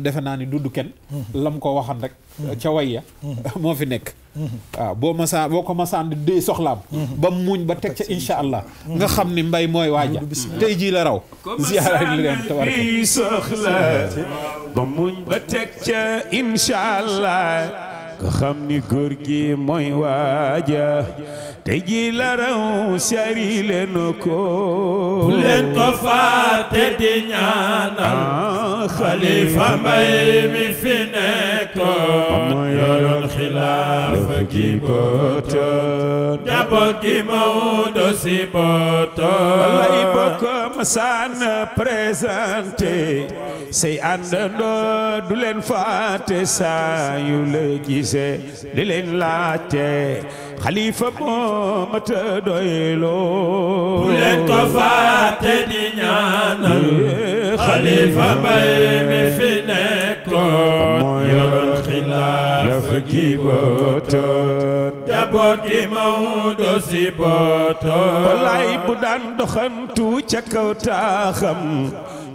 na defe naa ni dudd kenn lam ko waxoon rek ca wayya moo fi nekk waaw boo masaa boo ko masaan di soxlaam ba muñ ba teg ca insha allah nga xam ni mbay mooy waaja tey jii la raw ziyaara li leen tabaraka soxla ba muñ ba teg ca insha nga xam ni góor gi mooy waaja te ji la raw sari leen ko bu leen ko fàtte di ñaanal ah, mbay mi fi nekkoon yoroon xilaafa gi bootoon njaboot gi Maodo si bootoon lay bokk masaan présenté say àndandoo du leen fàtte saa yu la Cissé di leen laajte xalifa moo mat doyloo bu leen ko fàtte di ñaanal xalifa bay mi fi nekkoon yoroon xilaaf gi bootoon jaboot gi Maodo si bootoon wallaay bu daan doxantu ca kaw taaxam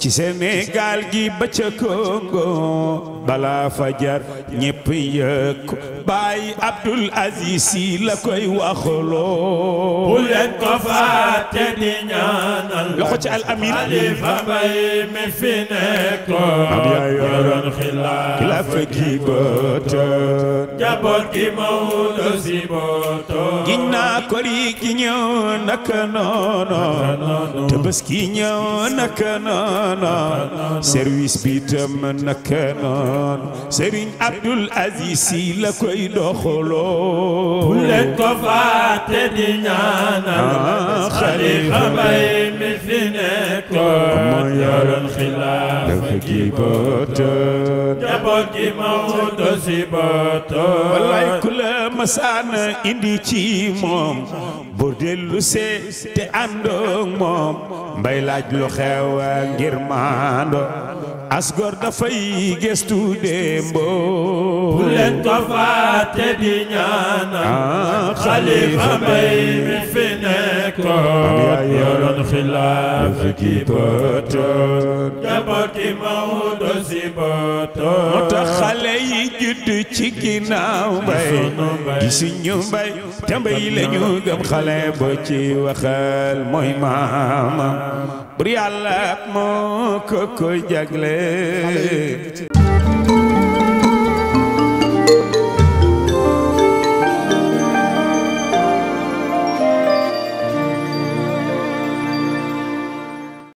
ci Sénégal gi ba ca Congo bala fajar ñépp yëg ko Baay Abdul Aziz la koy waxloo bu leen ko fàtte di ñaanal loxo ci al amin xalifa bay mi fi nekkoon yaa xilaafa gi bëtt bokki Maodo si boto giñ naa kori ki ñëw naka noonu tëbës ki ñëw naka service bi tam naka noonu Serigne Abdoul Aziz Si la koy doxaloo bu leen ko fàtte di ñaanal ah, xalifa bay mi fi nekkoon moo yoroon xilaafa gi boto njaboot gi Maodo si wallaay ku la masaana indi ci moom bu dellu see te àndoog moom mbay laaj lu xew ngir maando asgor dafay gëstu démboo bu leen ko fàtte di ñaanal xalifa ah, mi fi nekkoon yoroon xilaaf gi batoon Maodo si boto moo tax xale yi judd ci ginnaaw mbay gisuñu mbay te mbay la ñu gëm xale boo ci waxal mooy maamam bur yàlla moo ko ko jagle